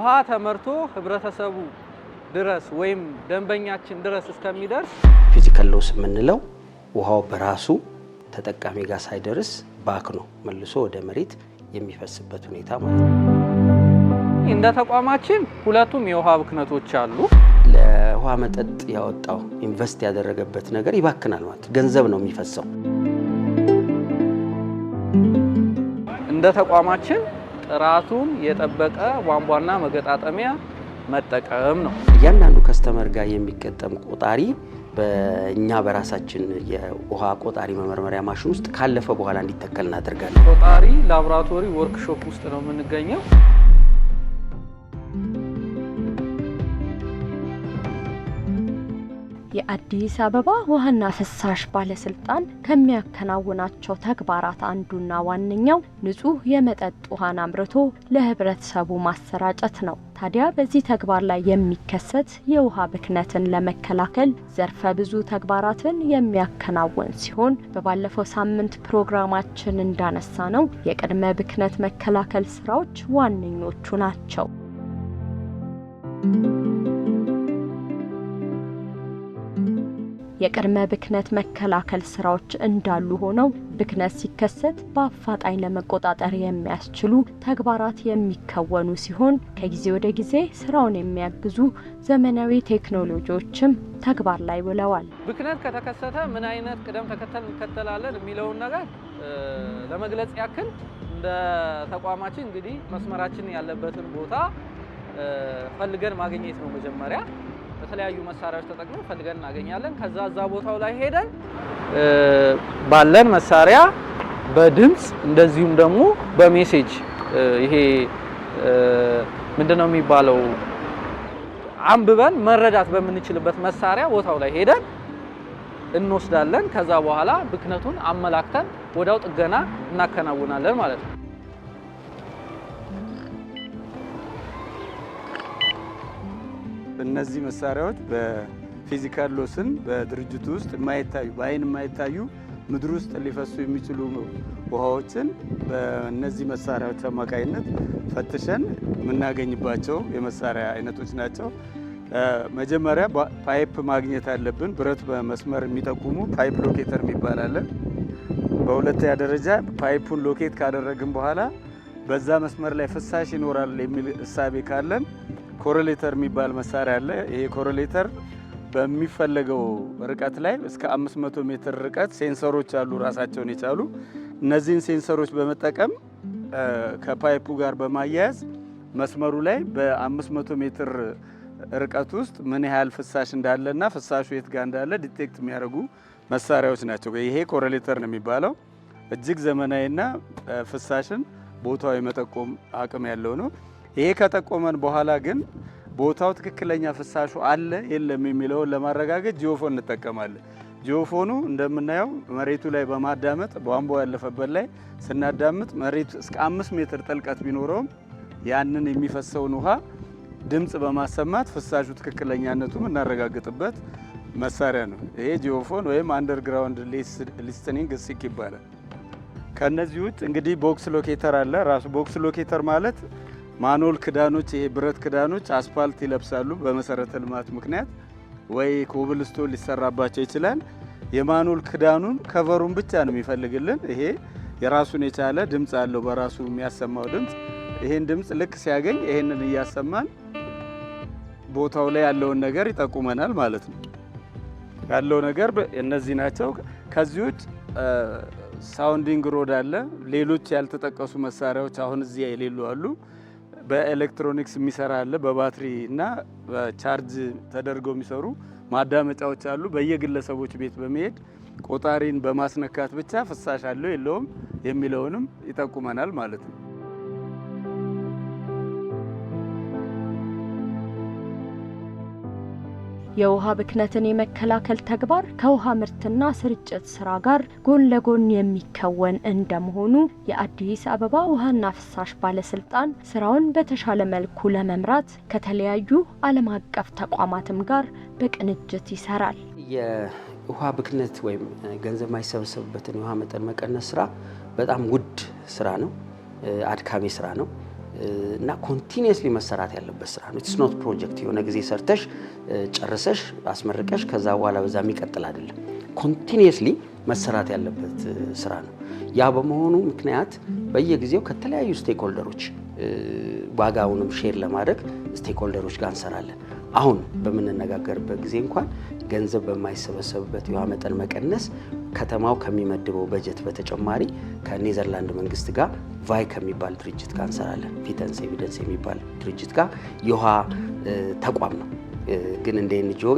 ውሃ ተመርቶ ህብረተሰቡ ድረስ ወይም ደንበኛችን ድረስ እስከሚደርስ ፊዚካል ሎስ የምንለው ውሃው በራሱ ተጠቃሚ ጋር ሳይደርስ ባክ ነው መልሶ ወደ መሬት የሚፈስበት ሁኔታ ማለት ነው። እንደ ተቋማችን ሁለቱም የውሃ ብክነቶች አሉ። ለውሃ መጠጥ ያወጣው ኢንቨስት ያደረገበት ነገር ይባክናል ማለት ገንዘብ ነው የሚፈሰው። እንደ ተቋማችን ጥራቱን የጠበቀ ቧንቧና መገጣጠሚያ መጠቀም ነው። እያንዳንዱ ከስተመር ጋር የሚገጠም ቆጣሪ በእኛ በራሳችን የውሃ ቆጣሪ መመርመሪያ ማሽን ውስጥ ካለፈ በኋላ እንዲተከል እናደርጋለን። ቆጣሪ ላቦራቶሪ ወርክሾፕ ውስጥ ነው የምንገኘው። የአዲስ አበባ ውሃና ፍሳሽ ባለስልጣን ከሚያከናውናቸው ተግባራት አንዱና ዋነኛው ንጹህ የመጠጥ ውሃን አምርቶ ለህብረተሰቡ ማሰራጨት ነው። ታዲያ በዚህ ተግባር ላይ የሚከሰት የውሃ ብክነትን ለመከላከል ዘርፈ ብዙ ተግባራትን የሚያከናውን ሲሆን በባለፈው ሳምንት ፕሮግራማችን እንዳነሳ ነው የቅድመ ብክነት መከላከል ስራዎች ዋነኞቹ ናቸው። የቅድመ ብክነት መከላከል ስራዎች እንዳሉ ሆነው ብክነት ሲከሰት በአፋጣኝ ለመቆጣጠር የሚያስችሉ ተግባራት የሚከወኑ ሲሆን ከጊዜ ወደ ጊዜ ስራውን የሚያግዙ ዘመናዊ ቴክኖሎጂዎችም ተግባር ላይ ውለዋል። ብክነት ከተከሰተ ምን አይነት ቅደም ተከተል እንከተላለን የሚለውን ነገር ለመግለጽ ያክል እንደ ተቋማችን እንግዲህ መስመራችን ያለበትን ቦታ ፈልገን ማግኘት ነው መጀመሪያ የተለያዩ መሳሪያዎች ተጠቅመን ፈልገን እናገኛለን። ከዛ እዛ ቦታው ላይ ሄደን ባለን መሳሪያ በድምፅ እንደዚሁም ደግሞ በሜሴጅ ይሄ ምንድነው የሚባለው አንብበን መረዳት በምንችልበት መሳሪያ ቦታው ላይ ሄደን እንወስዳለን። ከዛ በኋላ ብክነቱን አመላክተን ወዳው ጥገና እናከናውናለን ማለት ነው። እነዚህ መሳሪያዎች በፊዚካል ሎስን በድርጅቱ ውስጥ የማይታዩ በአይን የማይታዩ ምድር ውስጥ ሊፈሱ የሚችሉ ውሃዎችን በእነዚህ መሳሪያዎች አማካኝነት ፈትሸን የምናገኝባቸው የመሳሪያ አይነቶች ናቸው። መጀመሪያ ፓይፕ ማግኘት አለብን። ብረት በመስመር የሚጠቁሙ ፓይፕ ሎኬተር የሚባል አለ። በሁለተኛ ደረጃ ፓይፑን ሎኬት ካደረግን በኋላ በዛ መስመር ላይ ፍሳሽ ይኖራል የሚል እሳቤ ካለን ኮረሌተር የሚባል መሳሪያ አለ። ይሄ ኮረሌተር በሚፈለገው ርቀት ላይ እስከ 500 ሜትር ርቀት ሴንሰሮች አሉ ራሳቸውን የቻሉ እነዚህን ሴንሰሮች በመጠቀም ከፓይፑ ጋር በማያያዝ መስመሩ ላይ በ500 ሜትር ርቀት ውስጥ ምን ያህል ፍሳሽ እንዳለና ፍሳሹ የት ጋር እንዳለ ዲቴክት የሚያደርጉ መሳሪያዎች ናቸው። ይሄ ኮረሌተር ነው የሚባለው። እጅግ ዘመናዊና ፍሳሽን ቦታው የመጠቆም አቅም ያለው ነው። ይሄ ከጠቆመን በኋላ ግን ቦታው ትክክለኛ ፍሳሹ አለ የለም የሚለውን ለማረጋገጥ ጂኦፎን እንጠቀማለን። ጂኦፎኑ እንደምናየው መሬቱ ላይ በማዳመጥ ቧንቧ ያለፈበት ላይ ስናዳምጥ መሬቱ እስከ አምስት ሜትር ጥልቀት ቢኖረውም ያንን የሚፈሰውን ውሃ ድምፅ በማሰማት ፍሳሹ ትክክለኛነቱን እናረጋግጥበት መሳሪያ ነው። ይሄ ጂኦፎን ወይም አንደርግራውንድ ሊስትኒንግ ሲክ ይባላል። ከነዚህ ውጭ እንግዲህ ቦክስ ሎኬተር አለ። ራሱ ቦክስ ሎኬተር ማለት ማኖል ክዳኖች ይሄ ብረት ክዳኖች አስፋልት ይለብሳሉ። በመሰረተ ልማት ምክንያት ወይ ኮብልስቶን ሊሰራባቸው ይችላል። የማኖል ክዳኑን ከቨሩን ብቻ ነው የሚፈልግልን። ይሄ የራሱን የቻለ ድምፅ አለው፣ በራሱ የሚያሰማው ድምፅ። ይሄን ድምፅ ልክ ሲያገኝ ይሄንን እያሰማን ቦታው ላይ ያለውን ነገር ይጠቁመናል ማለት ነው። ያለው ነገር እነዚህ ናቸው። ከዚህ ውጭ ሳውንዲንግ ሮድ አለ። ሌሎች ያልተጠቀሱ መሳሪያዎች አሁን እዚህ የሌሉ አሉ። በኤሌክትሮኒክስ የሚሰራ አለ፣ በባትሪ እና ቻርጅ ተደርገው የሚሰሩ ማዳመጫዎች አሉ። በየግለሰቦች ቤት በመሄድ ቆጣሪን በማስነካት ብቻ ፍሳሽ አለው የለውም የሚለውንም ይጠቁመናል ማለት ነው። የውሃ ብክነትን የመከላከል ተግባር ከውሃ ምርትና ስርጭት ስራ ጋር ጎን ለጎን የሚከወን እንደመሆኑ የአዲስ አበባ ውሃና ፍሳሽ ባለስልጣን ስራውን በተሻለ መልኩ ለመምራት ከተለያዩ ዓለም አቀፍ ተቋማትም ጋር በቅንጅት ይሰራል። የውሃ ብክነት ወይም ገንዘብ የማይሰበሰብበትን የውሃ መጠን መቀነስ ስራ በጣም ውድ ስራ ነው፣ አድካሚ ስራ ነው። እና ኮንቲኒየስሊ መሰራት ያለበት ስራ ነው። ኢትስ ኖት ፕሮጀክት የሆነ ጊዜ ሰርተሽ ጨርሰሽ አስመርቀሽ ከዛ በኋላ በዛ የሚቀጥል አይደለም። ኮንቲኒየስሊ መሰራት ያለበት ስራ ነው። ያ በመሆኑ ምክንያት በየጊዜው ከተለያዩ ስቴክሆልደሮች ዋጋውንም ሼር ለማድረግ ስቴክሆልደሮች ጋር እንሰራለን። አሁን በምንነጋገርበት ጊዜ እንኳን ገንዘብ በማይሰበሰብበት የውሃ መጠን መቀነስ ከተማው ከሚመድበው በጀት በተጨማሪ ከኔዘርላንድ መንግስት ጋር ቫይ ከሚባል ድርጅት ጋር እንሰራለን። ፊተንስ ኤቪደንስ የሚባል ድርጅት ጋር የውሃ ተቋም ነው፣ ግን እንደ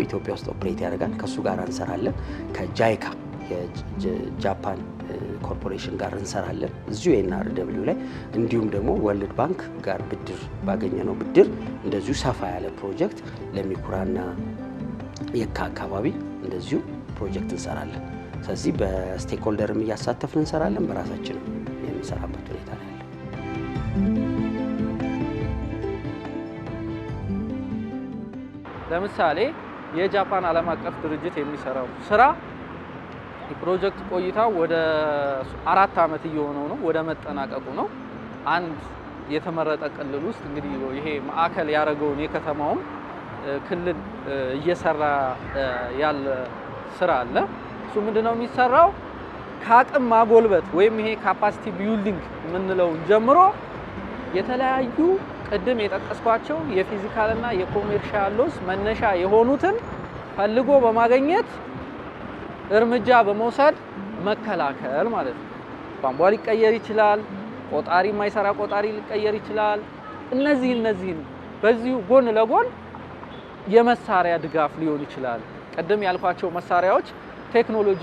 ኢትዮጵያ ውስጥ ኦፕሬት ያደርጋል። ከእሱ ጋር እንሰራለን። ከጃይካ የጃፓን ኮርፖሬሽን ጋር እንሰራለን እዚሁ ኤንአር ደብሊው ላይ። እንዲሁም ደግሞ ወርልድ ባንክ ጋር ብድር ባገኘ ነው ብድር እንደዚሁ ሰፋ ያለ ፕሮጀክት ለሚኩራና የካ አካባቢ እንደዚሁ ፕሮጀክት እንሰራለን። ስለዚህ በስቴክሆልደርም እያሳተፍን እንሰራለን፣ በራሳችንም የምንሰራበት ሁኔታ ነው ያለ። ለምሳሌ የጃፓን ዓለም አቀፍ ድርጅት የሚሰራው ስራ የፕሮጀክት ቆይታ ወደ አራት ዓመት እየሆነው ነው፣ ወደ መጠናቀቁ ነው። አንድ የተመረጠ ክልል ውስጥ እንግዲህ ይሄ ማዕከል ያደረገውን የከተማውም ክልል እየሰራ ያለ ስራ አለ። እሱ ምንድነው የሚሰራው ከአቅም ማጎልበት ወይም ይሄ ካፓሲቲ ቢልዲንግ የምንለው ጀምሮ የተለያዩ ቅድም የጠቀስኳቸው የፊዚካል እና የኮሜርሻል ሎስ መነሻ የሆኑትን ፈልጎ በማገኘት እርምጃ በመውሰድ መከላከል ማለት ነው። ቧንቧ ሊቀየር ይችላል። ቆጣሪ የማይሰራ ቆጣሪ ሊቀየር ይችላል። እነዚህ እነዚህን በዚሁ ጎን ለጎን የመሳሪያ ድጋፍ ሊሆን ይችላል። ቅድም ያልኳቸው መሳሪያዎች ቴክኖሎጂ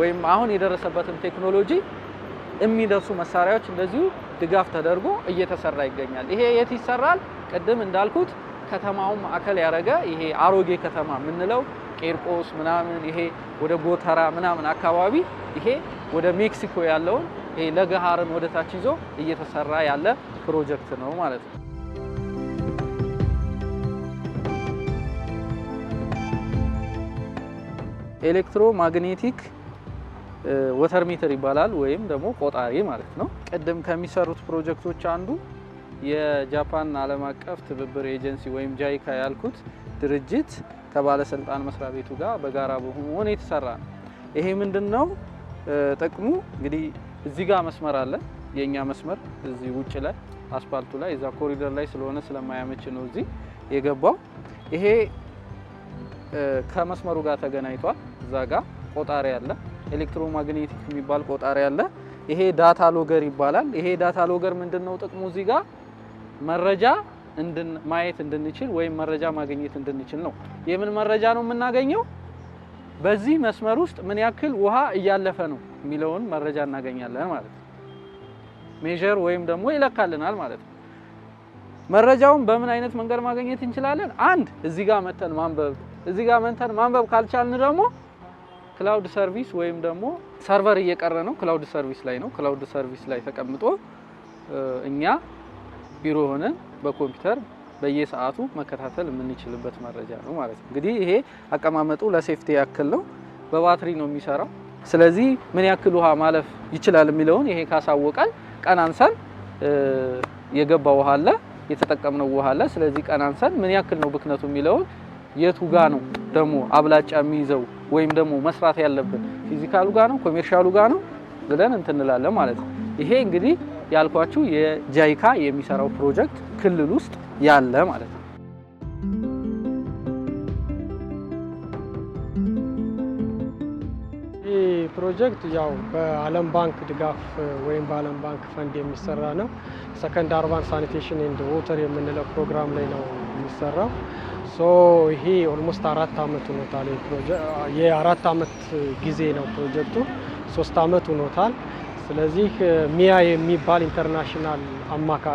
ወይም አሁን የደረሰበትን ቴክኖሎጂ የሚደርሱ መሳሪያዎች እንደዚሁ ድጋፍ ተደርጎ እየተሰራ ይገኛል። ይሄ የት ይሰራል? ቅድም እንዳልኩት ከተማውን ማዕከል ያደረገ ይሄ አሮጌ ከተማ የምንለው ቄርቆስ ምናምን ይሄ ወደ ጎተራ ምናምን አካባቢ ይሄ ወደ ሜክሲኮ ያለውን ይሄ ለገሃርን ወደታች ይዞ እየተሰራ ያለ ፕሮጀክት ነው ማለት ነው። ኤሌክትሮማግኔቲክ ወተር ሜትር ይባላል ወይም ደግሞ ቆጣሪ ማለት ነው። ቅድም ከሚሰሩት ፕሮጀክቶች አንዱ የጃፓን ዓለም አቀፍ ትብብር ኤጀንሲ ወይም ጃይካ ያልኩት ድርጅት ከባለስልጣን መስሪያ ቤቱ ጋር በጋራ በመሆን የተሰራ ነው። ይሄ ምንድን ነው ጥቅሙ? እንግዲህ እዚህ ጋር መስመር አለ። የእኛ መስመር እዚህ ውጭ ላይ አስፓልቱ ላይ እዛ ኮሪደር ላይ ስለሆነ ስለማያመች ነው እዚህ የገባው። ይሄ ከመስመሩ ጋር ተገናኝቷል። እዛ ጋ ቆጣሪ አለ፣ ኤሌክትሮማግኔቲክ የሚባል ቆጣሪ አለ። ይሄ ዳታ ሎገር ይባላል። ይሄ ዳታ ሎገር ምንድነው ጥቅሙ? እዚህ ጋ መረጃ ማየት እንድንችል ወይም መረጃ ማግኘት እንድንችል ነው። የምን መረጃ ነው የምናገኘው? በዚህ መስመር ውስጥ ምን ያክል ውሃ እያለፈ ነው የሚለውን መረጃ እናገኛለን ማለት ነው። ሜዥር ወይም ደግሞ ይለካልናል ማለት ነው። መረጃውን በምን አይነት መንገድ ማግኘት እንችላለን? አንድ እዚህ ጋር መተን ማንበብ፣ እዚህ ጋር መተን ማንበብ ካልቻልን ደግሞ ክላውድ ሰርቪስ ወይም ደግሞ ሰርቨር እየቀረ ነው። ክላውድ ሰርቪስ ላይ ነው። ክላውድ ሰርቪስ ላይ ተቀምጦ እኛ ቢሮ ሆነን በኮምፒውተር በየሰዓቱ መከታተል የምንችልበት መረጃ ነው ማለት ነው። እንግዲህ ይሄ አቀማመጡ ለሴፍቲ ያክል ነው። በባትሪ ነው የሚሰራው። ስለዚህ ምን ያክል ውሃ ማለፍ ይችላል የሚለውን ይሄ ካሳወቃል፣ ቀን አንሰን የገባ ውሃ አለ፣ የተጠቀምነው ውሃ አለ። ስለዚህ ቀን አንሰን ምን ያክል ነው ብክነቱ የሚለውን የቱ ጋ ነው ደግሞ አብላጫ የሚይዘው ወይም ደግሞ መስራት ያለብን ፊዚካሉ ጋር ነው ኮሜርሻሉ ጋር ነው ብለን እንትንላለን ማለት ነው። ይሄ እንግዲህ ያልኳችሁ የጃይካ የሚሰራው ፕሮጀክት ክልል ውስጥ ያለ ማለት ነው። ፕሮጀክት ያው በዓለም ባንክ ድጋፍ ወይም በዓለም ባንክ ፈንድ የሚሰራ ነው። ሰከንድ አርባን ሳኒቴሽን ኤንድ ወተር የምንለው ፕሮግራም ላይ ነው የሚሰራው። ሶ ይሄ ኦልሞስት አራት አመት ሆኖታል። የአራት አመት ጊዜ ነው ፕሮጀክቱ፣ ሶስት አመት ሆኖታል። ስለዚህ ሚያ የሚባል ኢንተርናሽናል አማካ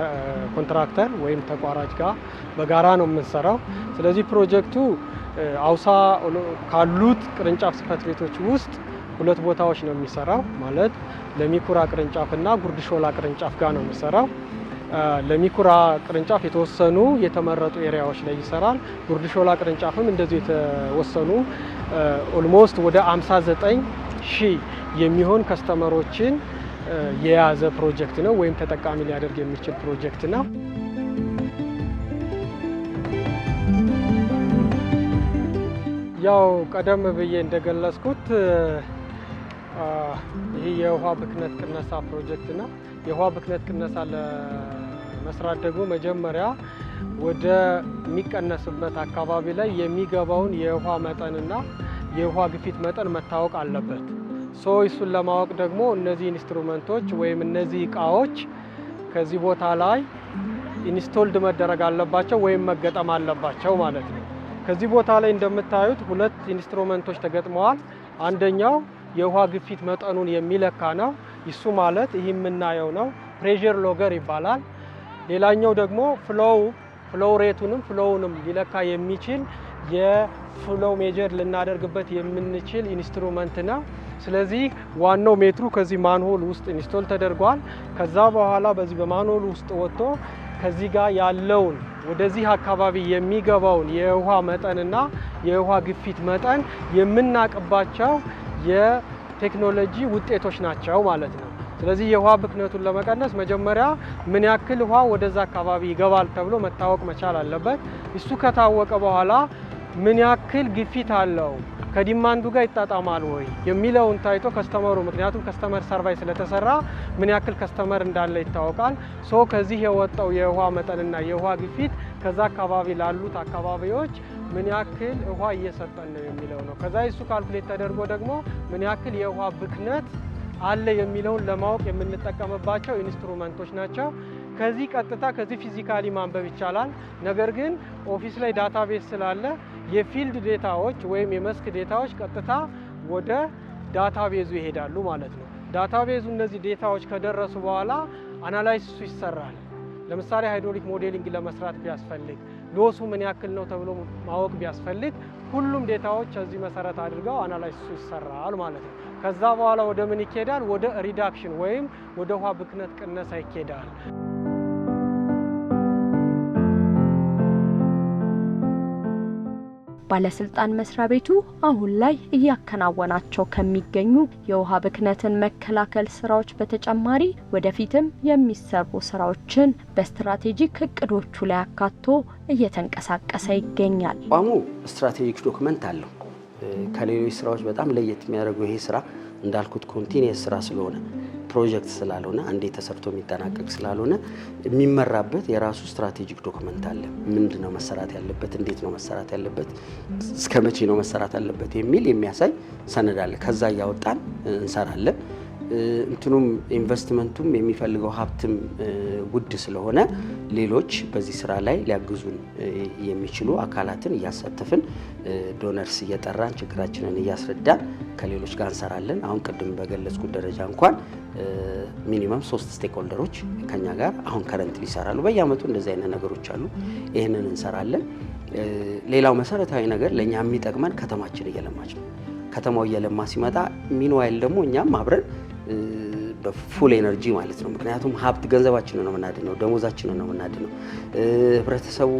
ኮንትራክተር ወይም ተቋራጭ ጋር በጋራ ነው የምንሰራው። ስለዚህ ፕሮጀክቱ አውሳ ካሉት ቅርንጫፍ ጽህፈት ቤቶች ውስጥ ሁለት ቦታዎች ነው የሚሰራው። ማለት ለሚኩራ ቅርንጫፍ ጉርድ ሾላ ቅርንጫፍ ጋር ነው የሚሰራው። ለሚኩራ ቅርንጫፍ የተወሰኑ የተመረጡ ኤሪያዎች ላይ ይሰራል። ጉርድ ሾላ ቅርንጫፍም እንደዚሁ የተወሰኑ ኦልሞስት ወደ 59 ሺህ የሚሆን ከስተመሮችን የያዘ ፕሮጀክት ነው፣ ወይም ተጠቃሚ ሊያደርግ የሚችል ፕሮጀክት ነው። ያው ቀደም ብዬ እንደገለጽኩት ይህ የውሃ ብክነት ቅነሳ ፕሮጀክት ነው። የውሃ ብክነት ቅነሳ ለመስራት ደግሞ መጀመሪያ ወደሚቀነስበት አካባቢ ላይ የሚገባውን የውሃ መጠንና የውሃ ግፊት መጠን መታወቅ አለበት። ሶ እሱን ለማወቅ ደግሞ እነዚህ ኢንስትሩመንቶች ወይም እነዚህ እቃዎች ከዚህ ቦታ ላይ ኢንስቶልድ መደረግ አለባቸው ወይም መገጠም አለባቸው ማለት ነው። ከዚህ ቦታ ላይ እንደምታዩት ሁለት ኢንስትሩመንቶች ተገጥመዋል። አንደኛው የውሃ ግፊት መጠኑን የሚለካ ነው። ይሱ ማለት ይህ የምናየው ነው፣ ፕሬዠር ሎገር ይባላል። ሌላኛው ደግሞ ፍሎው ፍሎው ሬቱንም ፍሎውንም ሊለካ የሚችል የፍሎው ሜጀር ልናደርግበት የምንችል ኢንስትሩመንት ነው። ስለዚህ ዋናው ሜትሩ ከዚህ ማንሆል ውስጥ ኢንስቶል ተደርጓል። ከዛ በኋላ በዚህ በማንሆል ውስጥ ወጥቶ ከዚህ ጋር ያለውን ወደዚህ አካባቢ የሚገባውን የውሃ መጠንና የውሃ ግፊት መጠን የምናቅባቸው የቴክኖሎጂ ውጤቶች ናቸው ማለት ነው። ስለዚህ የውሃ ብክነቱን ለመቀነስ መጀመሪያ ምን ያክል ውሃ ወደዛ አካባቢ ይገባል ተብሎ መታወቅ መቻል አለበት። እሱ ከታወቀ በኋላ ምን ያክል ግፊት አለው ከዲማንዱ ጋር ይጣጣማል ወይ የሚለውን ታይቶ ከስተመሩ ምክንያቱም ከስተመር ሰርቫይ ስለተሰራ ምን ያክል ከስተመር እንዳለ ይታወቃል። ሶ ከዚህ የወጣው የውሃ መጠንና የውሃ ግፊት ከዛ አካባቢ ላሉት አካባቢዎች ምን ያክል ውሃ እየሰጠን ነው የሚለው ነው። ከዛ እሱ ካልኩሌት ተደርጎ ደግሞ ምን ያክል የውሃ ብክነት አለ የሚለውን ለማወቅ የምንጠቀምባቸው ኢንስትሩመንቶች ናቸው። ከዚህ ቀጥታ ከዚህ ፊዚካሊ ማንበብ ይቻላል። ነገር ግን ኦፊስ ላይ ዳታቤዝ ስላለ የፊልድ ዴታዎች ወይም የመስክ ዴታዎች ቀጥታ ወደ ዳታቤዙ ይሄዳሉ ማለት ነው። ዳታቤዙ እነዚህ ዴታዎች ከደረሱ በኋላ አናላይሲሱ ይሰራል። ለምሳሌ ሃይድሮሊክ ሞዴሊንግ ለመስራት ቢያስፈልግ ሎሱ ምን ያክል ነው ተብሎ ማወቅ ቢያስፈልግ ሁሉም ዴታዎች እዚህ መሰረት አድርገው አናላይሱ ይሰራል ማለት ነው። ከዛ በኋላ ወደ ምን ይኬዳል? ወደ ሪዳክሽን ወይም ወደ ውሃ ብክነት ቅነሳ ይኬዳል። ባለስልጣን መስሪያ ቤቱ አሁን ላይ እያከናወናቸው ከሚገኙ የውሃ ብክነትን መከላከል ስራዎች በተጨማሪ ወደፊትም የሚሰሩ ስራዎችን በስትራቴጂክ እቅዶቹ ላይ አካቶ እየተንቀሳቀሰ ይገኛል። ቋሙ ስትራቴጂክ ዶክመንት አለው። ከሌሎች ስራዎች በጣም ለየት የሚያደርገው ይሄ ስራ እንዳልኩት ኮንቲኒየስ ስራ ስለሆነ ፕሮጀክት ስላልሆነ አንዴ ተሰርቶ የሚጠናቀቅ ስላልሆነ የሚመራበት የራሱ ስትራቴጂክ ዶክመንት አለ። ምንድን ነው መሰራት ያለበት፣ እንዴት ነው መሰራት ያለበት፣ እስከ መቼ ነው መሰራት አለበት የሚል የሚያሳይ ሰነድ አለ። ከዛ እያወጣን እንሰራለን። እንትኑም ኢንቨስትመንቱም የሚፈልገው ሀብትም ውድ ስለሆነ ሌሎች በዚህ ስራ ላይ ሊያግዙን የሚችሉ አካላትን እያሳተፍን ዶነርስ እየጠራን ችግራችንን እያስረዳን ከሌሎች ጋር እንሰራለን። አሁን ቅድም በገለጽኩት ደረጃ እንኳን ሚኒመም ሶስት ስቴክሆልደሮች ከኛ ጋር አሁን ከረንት ይሰራሉ። በየአመቱ እንደዚህ አይነት ነገሮች አሉ። ይህንን እንሰራለን። ሌላው መሰረታዊ ነገር ለእኛ የሚጠቅመን ከተማችን እየለማች ነው። ከተማው እየለማ ሲመጣ ሚንዋይል ደግሞ እኛም አብረን በፉል ኤነርጂ ማለት ነው። ምክንያቱም ሀብት ገንዘባችንን ነው የምናድነው፣ ደሞዛችንን ነው የምናድነው። ህብረተሰቡ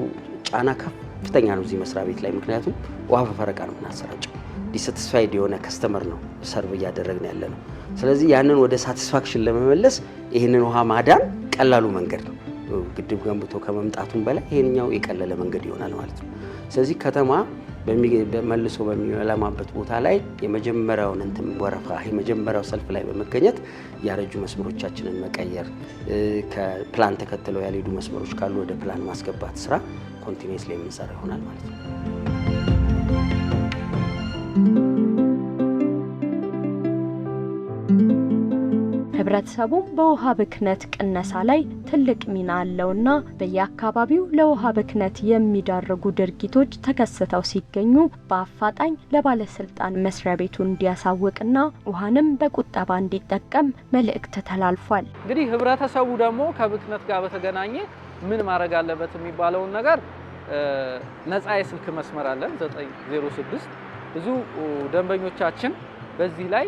ጫና ከፍተኛ ነው እዚህ መስሪያ ቤት ላይ፣ ምክንያቱም ውሃ በፈረቃ ነው የምናሰራጨው። ዲሳቲስፋይድ የሆነ ከስተመር ነው ሰርቭ እያደረግን ያለ ነው። ስለዚህ ያንን ወደ ሳቲስፋክሽን ለመመለስ ይህንን ውሃ ማዳን ቀላሉ መንገድ ነው። ግድብ ገንብቶ ከመምጣቱም በላይ ይሄንኛው የቀለለ መንገድ ይሆናል ማለት ነው። ስለዚህ ከተማ መልሶ በሚለማበት ቦታ ላይ የመጀመሪያውን እንትን ወረፋ የመጀመሪያው ሰልፍ ላይ በመገኘት ያረጁ መስመሮቻችንን መቀየር፣ ከፕላን ተከትለው ያልሄዱ መስመሮች ካሉ ወደ ፕላን ማስገባት ስራ ኮንቲኒስ ላይ የምንሰራ ይሆናል ማለት ነው። ህብረተሰቡም በውሃ ብክነት ቅነሳ ላይ ትልቅ ሚና አለውና በየአካባቢው ለውሃ ብክነት የሚዳርጉ ድርጊቶች ተከስተው ሲገኙ በአፋጣኝ ለባለስልጣን መስሪያ ቤቱ እንዲያሳውቅና ውሃንም በቁጠባ እንዲጠቀም መልእክት ተላልፏል። እንግዲህ ህብረተሰቡ ደግሞ ከብክነት ጋር በተገናኘ ምን ማድረግ አለበት የሚባለውን ነገር ነፃ የስልክ መስመር አለን 906 ብዙ ደንበኞቻችን በዚህ ላይ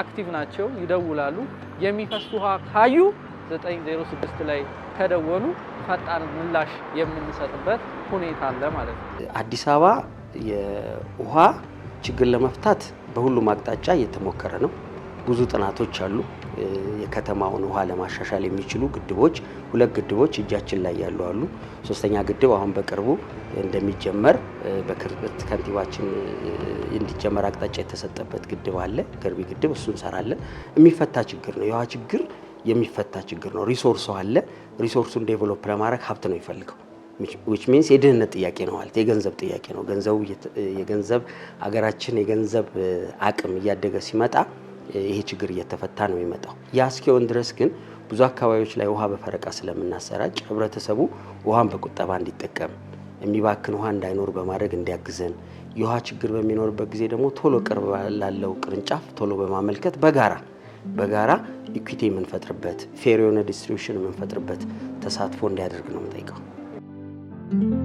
አክቲቭ ናቸው፣ ይደውላሉ። የሚፈስ ውሃ ካዩ 906 ላይ ከደወሉ ፈጣን ምላሽ የምንሰጥበት ሁኔታ አለ ማለት ነው። አዲስ አበባ የውሃ ችግር ለመፍታት በሁሉም አቅጣጫ እየተሞከረ ነው። ብዙ ጥናቶች አሉ። የከተማውን ውሃ ለማሻሻል የሚችሉ ግድቦች ሁለት ግድቦች እጃችን ላይ ያሉ አሉ። ሶስተኛ ግድብ አሁን በቅርቡ እንደሚጀመር በክርት ከንቲባችን እንዲጀመር አቅጣጫ የተሰጠበት ግድብ አለ። ገርቢ ግድብ እሱ እንሰራለን። የሚፈታ ችግር ነው። የውሃ ችግር የሚፈታ ችግር ነው። ሪሶርሱ አለ። ሪሶርሱን ዴቨሎፕ ለማድረግ ሀብት ነው ይፈልገው ዊች ሚንስ የድህነት ጥያቄ ነው ማለት የገንዘብ ጥያቄ ነው። ገንዘቡ የገንዘብ አገራችን የገንዘብ አቅም እያደገ ሲመጣ ይሄ ችግር እየተፈታ ነው የሚመጣው ያ እስኪሆን ድረስ ግን ብዙ አካባቢዎች ላይ ውሃ በፈረቃ ስለምናሰራጭ ህብረተሰቡ ውሃን በቁጠባ እንዲጠቀም የሚባክን ውሃ እንዳይኖር በማድረግ እንዲያግዘን የውሃ ችግር በሚኖርበት ጊዜ ደግሞ ቶሎ ቅርብ ላለው ቅርንጫፍ ቶሎ በማመልከት በጋራ በጋራ ኢኩቲ የምንፈጥርበት ፌር የሆነ ዲስትሪቢሽን የምንፈጥርበት ተሳትፎ እንዲያደርግ ነው የምጠይቀው።